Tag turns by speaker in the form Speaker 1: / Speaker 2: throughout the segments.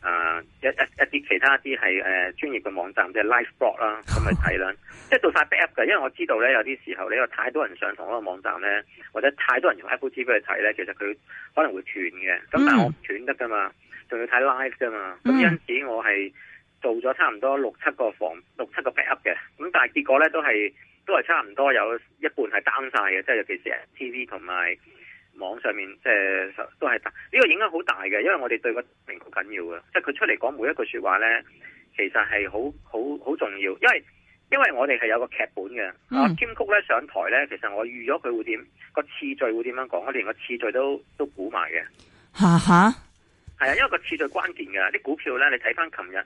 Speaker 1: 啊一一一啲其他一啲係誒專業嘅網站，即係 live blog 啦，咁去睇啦，即係做晒 backup 嘅，因為我知道咧有啲時候咧有太多人上同一個網站咧，或者太多人用 Apple TV 去睇咧，其實佢可能會斷嘅。咁但係我唔斷得噶嘛，仲、mm. 要睇 live 噶嘛，咁、mm. 因此我係做咗差唔多六七個房六七個 backup 嘅，咁但係結果咧都係都係差唔多有一半係 down 晒嘅，即係尤其是 Apple TV 同埋。網上面即係、呃、都係大，呢、這個影響好大嘅，因為我哋對個名好緊要嘅，即係佢出嚟講每一句説話呢，其實係好好好重要，因為因為我哋係有個劇本嘅。嗯、啊，Tim Cook 呢上台呢，其實我預咗佢會點，個次序會點樣講，我連個次序都都估埋嘅。
Speaker 2: 嚇嚇哈，
Speaker 1: 係啊，因為個次序關鍵㗎，啲股票呢，你睇返琴日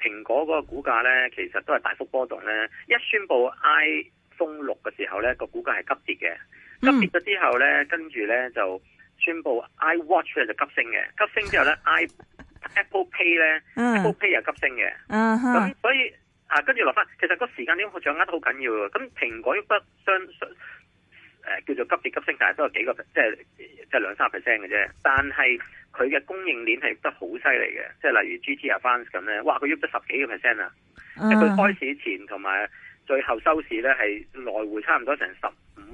Speaker 1: 蘋果嗰個股價呢，其實都係大幅波動呢。一宣布 iPhone 6嘅時候呢，個股價係急跌嘅。急跌咗之後咧，跟住咧就宣布 iWatch 咧就急升嘅，急升之後咧 iApple Pay 咧、嗯、Apple Pay 又急升嘅，咁、嗯、哼所以啊跟住落翻，其實個時間點掌握得好緊要。咁蘋果喐得相誒叫做急跌急升，就是就是，但係都係幾個即係即係兩三 percent 嘅啫。但係佢嘅供應鏈係喐得好犀利嘅，即、就、係、是、例如 G T Advance 咁咧，哇佢喐得十幾個 percent 啊！
Speaker 2: 即佢、嗯、開始
Speaker 1: 前同埋最後收市咧係來回差唔多成十。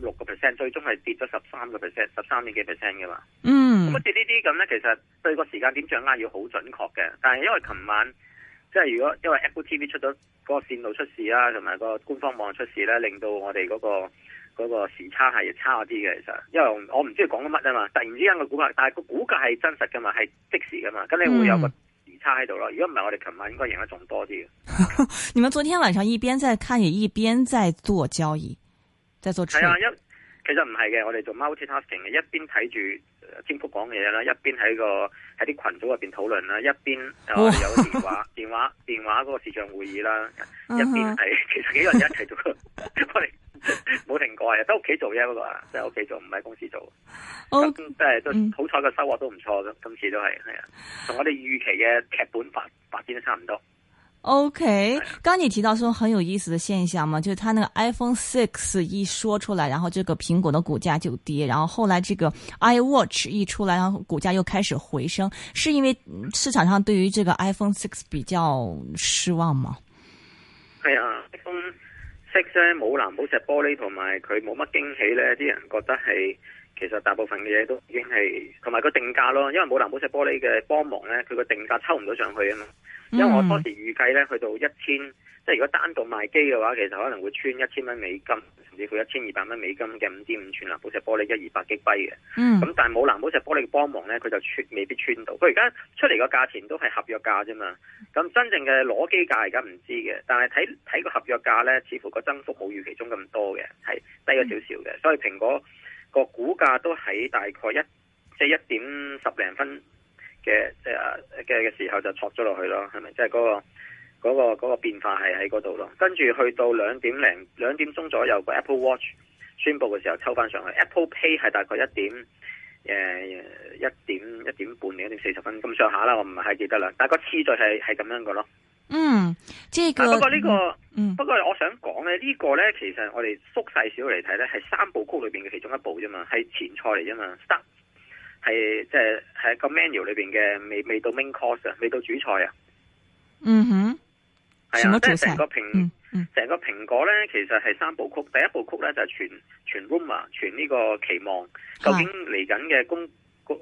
Speaker 1: 六個 percent 最終係跌咗十三個 percent，十三點幾 percent 噶嘛？嗯，咁好似呢啲咁咧，其實對個時間點掌握要好準確嘅。但係因為琴晚即係如果因為 Apple TV 出咗嗰個線路出事啦，同埋個官方網出事咧，令到我哋嗰個嗰個時差係差啲嘅。其實，因為我唔知佢講緊乜啊嘛，突然之間個股價，但係個股價係真實噶嘛，係即時噶嘛，咁你會有個時差喺度咯。如果唔係，我哋琴晚應該贏得仲多啲。
Speaker 3: 你們昨天晚上一邊在看，也一邊在做交易。係啊，一
Speaker 1: 其實唔係嘅，我哋做 multi-tasking 嘅，一邊睇住 Tim Cook 講嘢啦，一邊喺個喺啲群組入邊討論啦，一邊、啊、有電話, 電話、電話、電話嗰個視像會議啦，一邊係其實幾個人一齊做，我哋冇停過，係啊，喺屋企做啫，嗰個，即係屋企做，唔喺公司做的。O，即係都好彩個收穫都唔錯，今次都係係啊，同我哋預期嘅劇本發發展得差唔多。
Speaker 3: OK，剛剛你提到說很有意思的現象嘛，就是他那個 iPhone Six 一說出來，然後這個蘋果的股價就跌，然後後來這個 iWatch 一出來，然後股價又開始回升，是因為市場上對於這個 iPhone Six 比較失望嗎？
Speaker 1: 係啊，iPhone Six 咧冇藍寶石玻璃同埋佢冇乜驚喜咧，啲人覺得係其實大部分嘅嘢都已經係同埋個定價咯，因為冇藍寶石玻璃嘅幫忙咧，佢個定價抽唔到上去啊嘛。因為我當時預計咧，去到一千，即係如果單獨賣機嘅話，其實可能會穿一千蚊美金，甚至乎一千二百蚊美金嘅五點五吋藍寶石玻璃一二百 GB 嘅。咁但係冇藍寶石玻璃嘅幫忙咧，佢就未必穿到。佢而家出嚟個價錢都係合約價啫嘛。咁真正嘅裸機價而家唔知嘅，但係睇睇個合約價咧，似乎個增幅冇預期中咁多嘅，係低咗少少嘅。嗯、所以蘋果個股價都喺大概一即係一點十零分。嘅即係嘅嘅時候就挫咗落去咯，係咪？即係嗰個嗰、嗰個、嗰個變化係喺嗰度咯。跟住去到兩點零兩點鐘左右，個 Apple Watch 宣布嘅時候抽翻上去，Apple Pay 係大概一點誒一、呃、點一點半定一點四十分咁上下啦，我唔係記得啦。但係個次序係係咁樣嘅咯。嗯，
Speaker 2: 即、這、係、個啊、不過呢、呢個，嗯、
Speaker 1: 不過我想講咧，呢個、呢個咧其實我哋縮細少嚟睇咧，係三部曲裏邊嘅其中一部啫嘛，係前菜嚟啫嘛。Start, 係即係喺個 menu 裏邊嘅，未未到 main course 啊，未到主菜啊。菜啊嗯
Speaker 2: 哼，
Speaker 1: 係啊，即係成個蘋，成、嗯、個蘋果咧，嗯、其實係三部曲。第一部曲咧就係傳傳 rumor，傳呢個期望。究竟嚟緊嘅公誒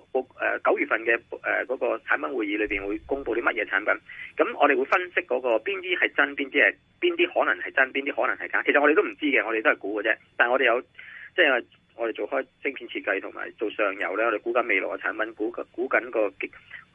Speaker 1: 九月份嘅誒嗰個產品會議裏邊會公佈啲乜嘢產品？咁我哋會分析嗰個邊啲係真，邊啲係邊啲可能係真，邊啲可能係假。其實我哋都唔知嘅，我哋都係估嘅啫。但係我哋有即係。就是我哋做開芯片設計同埋做上游咧，我哋估緊未來嘅產品，估估緊個曲，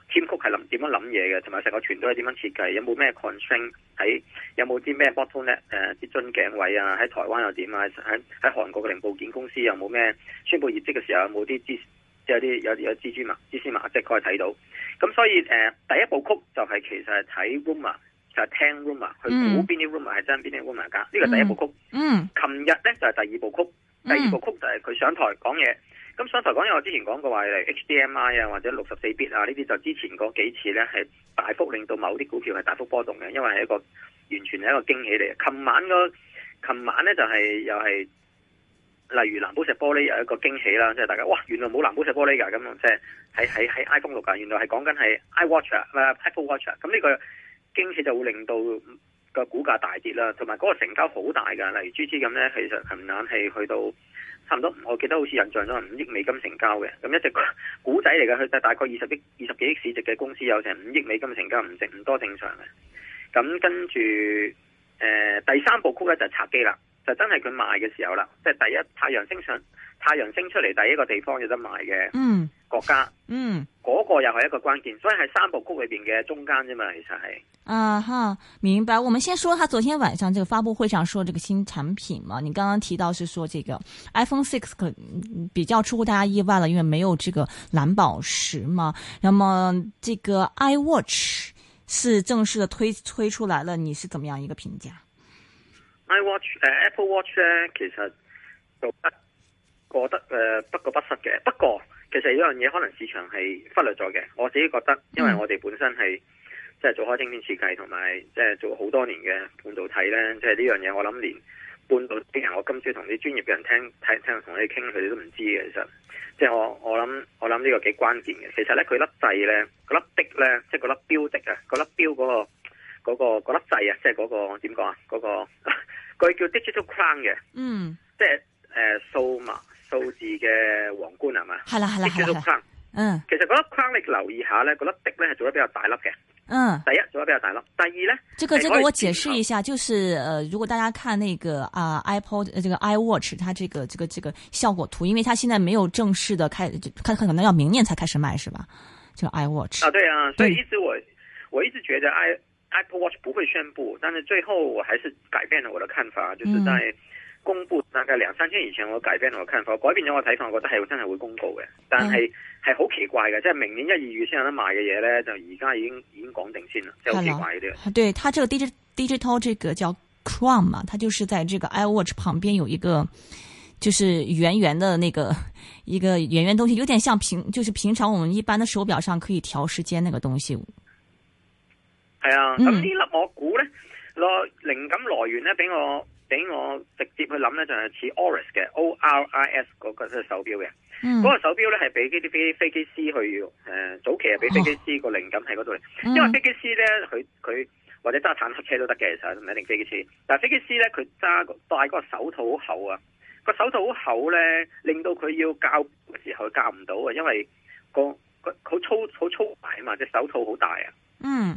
Speaker 1: 曲係諗點樣諗嘢嘅，同埋成個團隊係點樣設計，有冇咩 concern 喺，有冇啲咩 bottleneck 誒，啲樽頸位啊，喺台灣又點啊，喺喺韓國嘅零部件公司又冇咩宣布業績嘅時候，有冇啲蛛，即係有啲有有蜘蛛網、蛛絲網，即係可以睇到。咁所以誒，第一部曲就係其實係睇 rumor，就係聽 rumor，去估邊啲 rumor 係真，邊啲 rumor 假。呢個第一部曲。嗯。琴日咧就係第二部曲。嗯、第二個曲就係佢上台講嘢，咁上台講嘢我之前講過話，HDMI 啊，或者六十四 bit 啊，呢啲就之前嗰幾次呢，係大幅令到某啲股票係大幅波動嘅，因為係一個完全係一個驚喜嚟。琴晚個琴晚呢就係又係例如藍寶石玻璃又一個驚喜啦，即係大家哇原來冇藍寶石玻璃㗎，咁樣即係喺喺喺 iPhone 六㗎，原來係講緊係 iWatch、呃、Apple Watch，咁呢個驚喜就會令到。個股價大跌啦，同埋嗰個成交好大㗎，例如 G T 咁呢，其實琴晚係去到差唔多，我記得好似印象中係五億美金成交嘅。咁一隻股仔嚟嘅，佢就大概二十億二十幾億市值嘅公司有成五億美金成交，唔值唔多正常嘅。咁跟住誒，第三部曲咧就係拆機啦，就真係佢賣嘅時候啦，即係第一太陽升上太陽升出嚟第一個地方有得賣嘅，嗯。國家嗯，嗰個又係一個關鍵，所以係三部曲裏邊嘅中間啫嘛，其實係。
Speaker 3: 啊哈，明白。我們先說下昨天晚上這個發布會上說這個新產品嘛，你剛剛提到是說這個 iPhone Six 比較出乎大家意外了，因為沒有這個藍寶石嘛。那麼這個 iWatch 是正式的推推出來了，你是怎麼樣一個評價
Speaker 1: ？iWatch 誒、呃、Apple Watch 咧，其實就不過得誒、呃，不過不失嘅，不過。其實呢樣嘢可能市場係忽略咗嘅，我自己覺得，因為我哋本身係即係做開晶片設計，同埋即係做好多年嘅半導體咧，即係呢樣嘢我諗連半導體人，我今朝同啲專業嘅人聽，聽聽同你傾，佢哋都唔知嘅。其實，即係我我諗我諗呢個幾關鍵嘅。其實咧，佢粒掣咧，嗰粒滴咧，即係嗰粒標的啊，粒標嗰個嗰個粒掣啊，即係嗰個點講啊，嗰個佢叫 Digital Crown 嘅，嗯，即係誒數碼。數字嘅皇冠係、啊、嘛？係啦係啦係啦。嗯 其實嗰框你留意下呢，嗰粒滴呢係做得比較大粒嘅。
Speaker 2: 嗯，
Speaker 1: 第一做得比較大粒，第二呢，這個這個我解
Speaker 3: 釋一下， 就是，呃，如果大家看那個啊 Apple 這個 iWatch，它這個這個這個效果圖，因為它現在沒有正式的開，就可能要明年才開始賣，是吧？就、這個、iWatch。Watch 啊，對啊，所以一
Speaker 1: 直我對我一直覺得 i Apple Watch 不會宣布，但是最後我還是改變了我的看法，就是在、嗯。公布大概兩三天以前個界邊同個 c 改變咗我睇法，我覺得係真係會公布嘅。但係係好奇怪嘅，即係明年一二月先有得賣嘅嘢咧，就而家已經已經講定先啦，即係好奇怪
Speaker 3: 啲。對它這個 digital 這個叫 Crown 嘛，它就是在這個 iWatch 旁邊有一個就是圓圓的那個一個圓圓東西，有點像平就是平常我們一般的手表上可以調時間那個東西。
Speaker 1: 係啊、嗯，咁、嗯、呢粒我估咧，來靈感來源咧俾我。俾我直接去諗咧，就係似 Oris 嘅 O R I S 嗰個手表嘅，嗰、嗯、個手表咧係俾啲飛飛機師去，誒、呃，早期啊俾飛機師個靈感喺嗰度，因為飛機師咧佢佢或者揸坦克車都得嘅，其實唔一定飛機師，但係飛機師咧佢揸個戴個手套好厚啊，個手套好厚咧，令到佢要教嘅時候教唔到啊，因為、個個好粗好粗啊嘛，手套好大啊，嗯，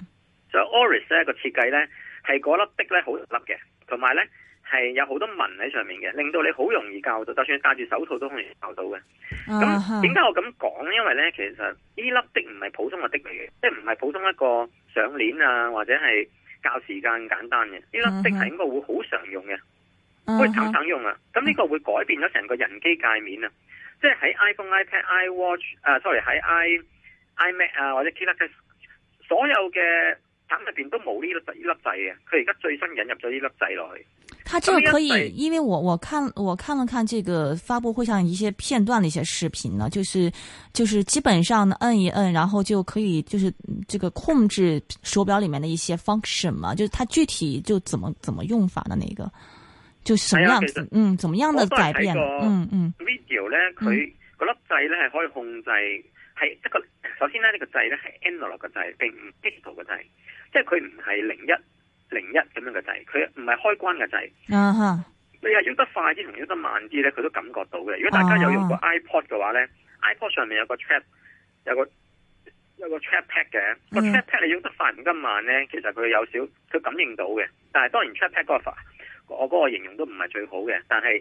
Speaker 1: 所以 Oris 咧個設計咧。係嗰粒的咧好粒嘅，同埋咧係有好多紋喺上面嘅，令到你好容易較到，就算戴住手套都好容易較到嘅。
Speaker 2: 咁點解我
Speaker 1: 咁講？因為咧其實呢粒的唔係普通嘅的嚟嘅，即係唔係普通一個上鏈啊或者係較時間簡單嘅，呢粒，uh huh. 的係應該會好常用嘅，uh
Speaker 2: huh. 可以常常
Speaker 1: 用啊。咁呢個會改變咗成個人機界面啊，即係喺 iPhone、iPad、iWatch 啊，sorry 喺 i iMac 啊或者 Keynote 所有嘅。產品入邊都冇呢粒呢粒掣嘅，佢而家最新引入咗呢粒掣落去。它這個可以，
Speaker 3: 因為我我看我看了看這個發布會上一些片段的一些視頻呢，就是就是基本上呢，摁一摁，然後就可以就是、嗯、這個控制手錶裏面的一些 function 嘛，就是、它具體就怎麼怎麼用法的那個，就什麼樣、啊、嗯，怎麼樣的改變，嗯嗯。
Speaker 1: video 咧，佢嗰粒掣咧係可以控制，係、嗯、一個首先咧呢、這個掣咧係 analog 嘅掣，並唔 digital 嘅掣。即係佢唔係零一零一咁樣嘅掣，佢唔係開關嘅掣。Uh huh. 你係喐得快啲同喐得慢啲咧，佢都感覺到嘅。如果大家有用過 iPod 嘅話咧、uh huh.，iPod 上面有個 trap，有個有個 trap pad 嘅。個 trap pad 你喐得快唔得慢咧，其實佢有少，佢感應到嘅。但係當然 trap pad 嗰個，我嗰個形容都唔係最好嘅。但係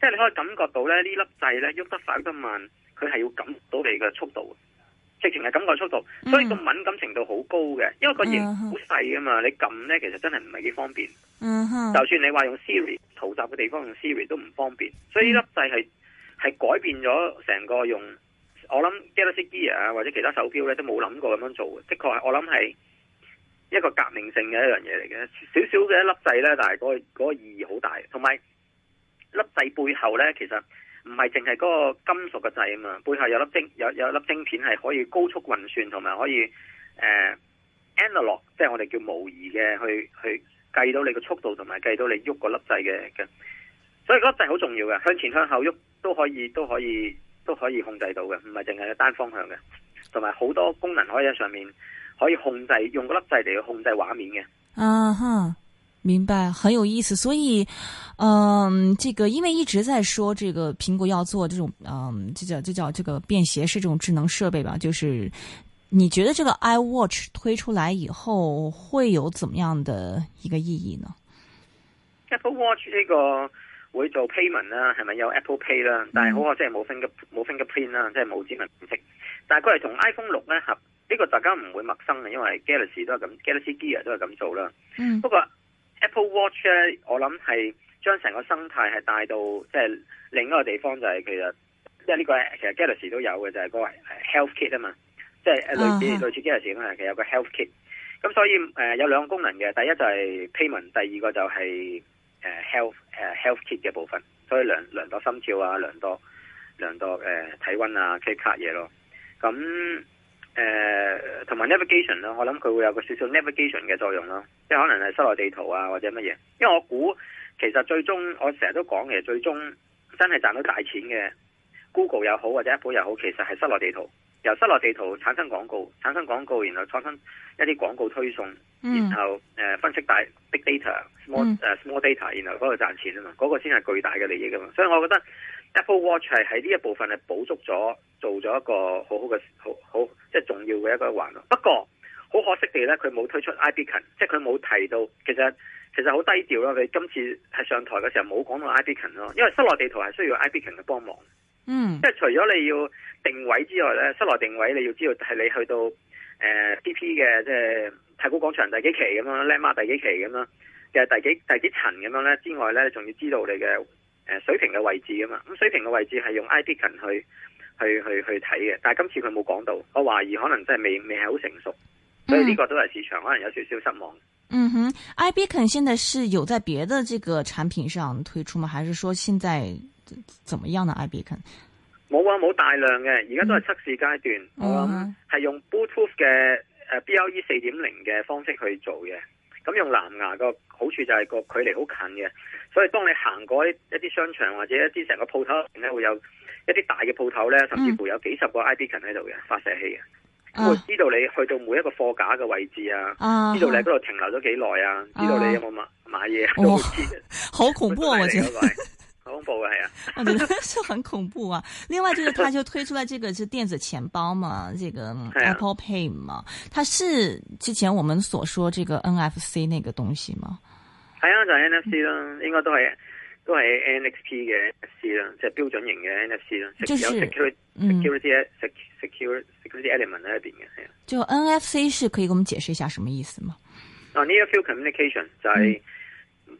Speaker 1: 即係你可以感覺到咧，這個、呢粒掣咧，喐得快唔得慢，佢係要感覺到你嘅速度。直情係感覺速度，所以個敏感程度好高嘅，嗯、因為個型好細啊嘛，嗯、哼你撳咧其實真係唔係幾方便。嗯哼，就算你話用 Siri，嘈雜嘅地方用 Siri 都唔方便，所以呢粒掣係係改變咗成個用。我諗 Galaxy Gear 啊，或者其他手錶咧都冇諗過咁樣做嘅，的確係我諗係一個革命性嘅一樣嘢嚟嘅。小小嘅一粒掣咧，但係嗰嗰個意義好大，同埋粒掣背後咧，其實。唔係淨係嗰個金屬嘅掣啊嘛，背後有粒晶有有粒晶片係可以高速運算，同埋可以誒、呃、analog 即係我哋叫模擬嘅，去去計到你個速度，同埋計到你喐嗰粒掣嘅。所以嗰粒掣好重要嘅，向前向後喐都可以，都可以，都可以控制到嘅，唔係淨係單方向嘅，同埋好多功能可以喺上面可以控制，用嗰粒掣嚟去控制畫面嘅。啊哈、
Speaker 2: uh。Huh.
Speaker 3: 明白，很有意思。所以，嗯，這個因為一直在說這個蘋果要做這種，嗯，這叫這叫這個便攜式這種智能設備吧。就是你覺得這個 i Watch 推出來以後會有怎麼樣的一個意
Speaker 1: 義呢？Apple Watch 這個會做 payment 啦、啊，係咪有 Apple Pay 啦、啊 mm hmm. 啊？但係好可即係冇分嘅冇分嘅 plan 啦，即係冇指紋。但係佢係同 iPhone 六咧合呢個大家唔會陌生嘅，因為 Galaxy 都係咁，Galaxy Gear 都係咁做啦。嗯、mm，hmm. 不過。Apple Watch 咧，我諗係將成個生態系帶到即係、就是、另一個地方、就是這個，就係其實即係呢個其實 Galaxy 都有嘅，就係嗰個 health kit 啊嘛，即係、uh huh. 類似類似 Galaxy 咧，其實有個 health kit，咁所以誒、呃、有兩個功能嘅，第一就係 payment，第二個就係、是、誒、呃、health 誒、呃、health kit 嘅部分，所以量量多心跳啊，量多量多誒、呃、體溫啊 check 卡嘢咯，咁。誒，同埋 navigation 咯，navigation，我諗佢會有個少少 navigation 嘅作用咯，即係可能係室內地圖啊或者乜嘢。因為我估其實最終我成日都講嘅，最終真係賺到大錢嘅 Google 又好或者 Apple 又好，其實係室內地圖，由室內地圖產生廣告，產生廣告然後產生一啲廣告推送，然後誒分析大 big data small 誒 small data，然後嗰、嗰度賺錢啊嘛，嗰個先係巨大嘅利益噶嘛，所以我覺得。Apple Watch 係喺呢一部分係補足咗做咗一個好好嘅好好即係重要嘅一個環咯。不過好可惜地咧，佢冇推出 iBeacon 即係佢冇提到，其實其實好低調咯。佢今次係上台嘅時候冇講到 iBeacon 咯，因為室內地圖係需要 iBeacon 嘅幫忙。
Speaker 2: 嗯，即係除
Speaker 1: 咗你要定位之外咧，室內定位你要知道係你去到誒 A P P 嘅即係太古廣場第幾期咁樣 l e m a r 第幾期咁樣，嘅、就是、第幾第幾層咁樣咧之外咧，你仲要知道你嘅。水平嘅位置啊嘛，咁水平嘅位置係用 iBeacon 去去去去睇嘅，但係今次佢冇講到，我懷疑可能真係未未係好成熟，
Speaker 3: 所以呢個
Speaker 1: 都係市場、嗯、可能有少少失望。
Speaker 3: 嗯哼，iBeacon 現在是有在別的這個產品上推出嗎？還是說現在怎麼樣呢 iBeacon？
Speaker 1: 冇啊，冇大量嘅，而家都係測試階段，我諗係用 Bluetooth 嘅誒 BLE 四點零嘅方式去做嘅。咁用藍牙個好處就係個距離好近嘅，所以當你行過一啲商場或者一啲成個鋪頭咧，會有一啲大嘅鋪頭咧，甚至乎有幾十個 iBeacon 喺度嘅發射器嘅，嗯啊、
Speaker 2: 會知道你
Speaker 1: 去到每一個貨架嘅位置啊，知道你喺嗰度停留咗幾耐啊，知道你有冇買買嘢。都會知嘅，
Speaker 3: 好恐怖啊！那個、我真知位。
Speaker 1: 恐怖嘅
Speaker 3: 係啊，我 得 很恐怖啊。另外就是，他就推出來這個是電子錢包嘛， 這個 Apple Pay 嘛，它是之前我們所說這個 NFC 那個東西嗎？係啊，就係、是、
Speaker 1: NFC 啦，嗯、應該都係都係 NXP 嘅 NFC 啦，即、就、係、是、標準型嘅 NFC 啦。就是、有 secure security element 喺入邊
Speaker 3: 嘅就 NFC 是可以給我們解釋一下什麼意思嘛。
Speaker 1: 啊 near field communication 就係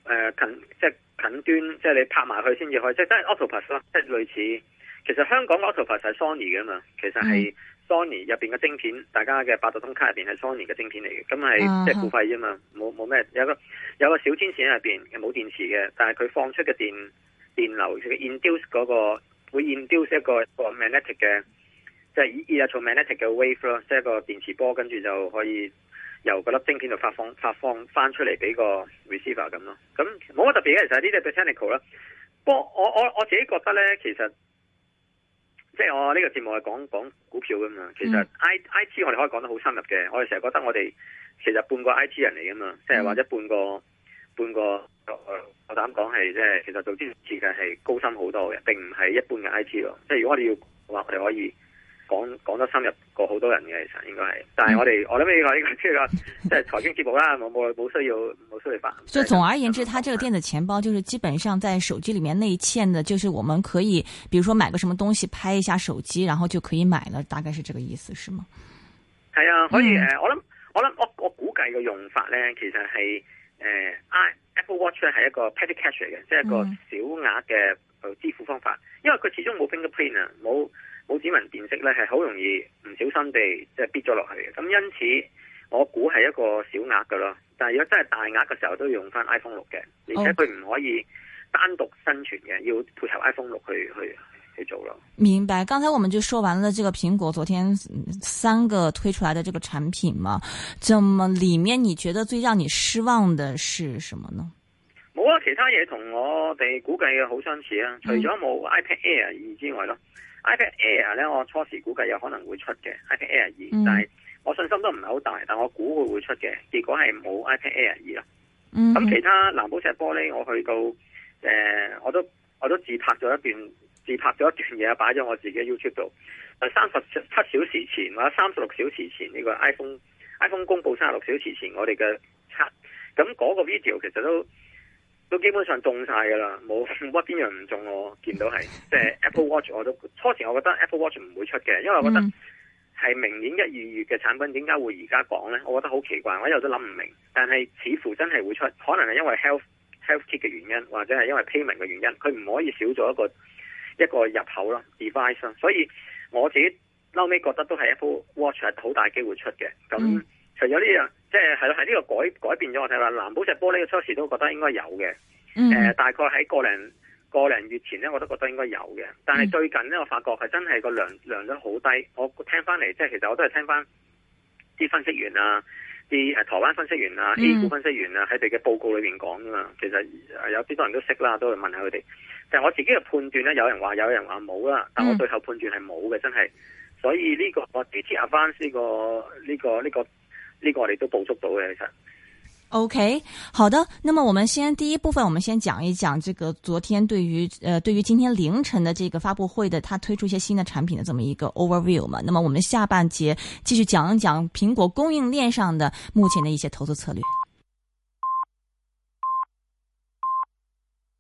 Speaker 1: 誒近即。近端即係你拍埋佢先至可以，即係都係 Octopus 咯，即係類似。其實香港 Octopus 係 Sony 嘅嘛，其實係 Sony 入邊嘅晶片，大家嘅八達通卡入邊係 Sony 嘅晶片嚟嘅，咁係即係付費啫嘛，冇冇咩，有個有個小天線入邊，冇電池嘅，但係佢放出嘅電電流，佢 induce 嗰、那個會 induce 一個個 magnetic 嘅。Wave，即係以以阿做 magnetic 嘅 wave 咯，即係一個電磁波，跟住就可以由個粒晶片度發放，發放翻出嚟俾個 receiver 咁咯。咁冇乜特別嘅，其實呢啲都 technical 啦。不過我我我自己覺得咧，其實即係我呢個節目係講講股票噶嘛。其實 I T 我哋可以講得好深入嘅。我哋成日覺得我哋其實半個 I T 人嚟噶嘛，即係或者半個半個我我膽講係即係，其實做資訊嘅係高深好多嘅，並唔係一般嘅 I T 咯。即係如果我哋要話，我哋可以。講講得深入過好多人嘅其實應該係，但係我哋、嗯、我諗呢、這個呢、這個即係、就是、財經節目啦，冇冇冇需要冇需要辦。所以總
Speaker 3: 而言之，它、嗯、這個電子錢包就是基本上在手機裏面內嵌嘅，就是我們可以，比如說買個什麼東西，拍一下手機，然後就可以買了，大概是這個意思，是嗎？
Speaker 1: 係啊，可以誒、嗯，我諗我諗我我估計嘅用法咧，其實係誒、呃、，Apple Watch 咧係一個 Pay Cash 嘅，嗯、即係一個小額嘅支付方法，因為佢始終冇 finger print 啊，冇。冇指紋辨識咧，係好容易唔小心地即係逼咗落去嘅，咁因此，我估係一個小額噶咯。但係如果真係大額嘅時候，都要用翻 iPhone 六嘅，而且佢唔可以單獨生存嘅，要配合 iPhone 六去去去做咯。
Speaker 3: 明白。剛才我們就說完了，這個蘋果昨天三個推出來的這個產品嘛，怎麼裡面你覺得最讓你失望的是什麼呢？
Speaker 1: 冇啊，其他嘢同我哋估計嘅好相似啊。除咗冇 iPad Air 二之外咯，啊。嗯 iPad Air 咧，我初時估計有可能會出嘅 iPad Air 二，嗯，但係我信心都唔係好大，但我估計會出嘅結果係冇 iPad Air 二啦。
Speaker 2: 咁、嗯、其他
Speaker 1: 藍寶石玻璃，我去到誒、呃，我都我都自拍咗一段自拍咗一段嘢，擺咗我自己 YouTube 度。三十七小時前或者三十六小時前，呢個 iPhone iPhone 公布三十六小時前我哋嘅測，咁嗰個 video 其實都。都基本上中晒噶啦，冇乜邊樣唔中我見到係，即係 Apple Watch 我都初時我覺得 Apple Watch 唔會出嘅，因為我覺得係明年一二月嘅產品點解會而家講呢？我覺得好奇怪，我一路都諗唔明。但係似乎真係會出，可能係因為 Health Health Kit 嘅原因，或者係因為 Payment 嘅原因，佢唔可以少咗一個一個入口咯，device。所以我自己後尾覺得都係 Apple Watch 係好大機會出嘅。咁除咗呢樣。即係係咯，係呢個改改變咗我睇啦。藍寶石玻璃嘅，初時都覺得應該有嘅，
Speaker 2: 誒、嗯呃，大
Speaker 1: 概喺個零個零月前咧，我都覺得應該有嘅。但係最近咧，我發覺係真係個量量咗好低。我聽翻嚟，即係其實我都係聽翻啲分析員啊，啲誒台灣分析員啊、嗯、，A 股分析員啊，喺佢哋嘅報告裏邊講噶嘛。其實有幾多人都識啦，都會問下佢哋。但係我自己嘅判斷咧，有人話，有人話冇啦。但我最後判斷係冇嘅，真係。所以呢個 GT Advance 呢、這個呢個呢個。這個這個呢個
Speaker 3: 我哋都捕捉到嘅，其實。OK，好的，那麼我們先第一部分，我們先講一講這個昨天對於，呃，對於今天凌晨的這個發布會的，它推出一些新的產品的這麼一個 overview 嘛。那麼我們下半節繼續講一講蘋果供應鏈上的目前的一些投資策略。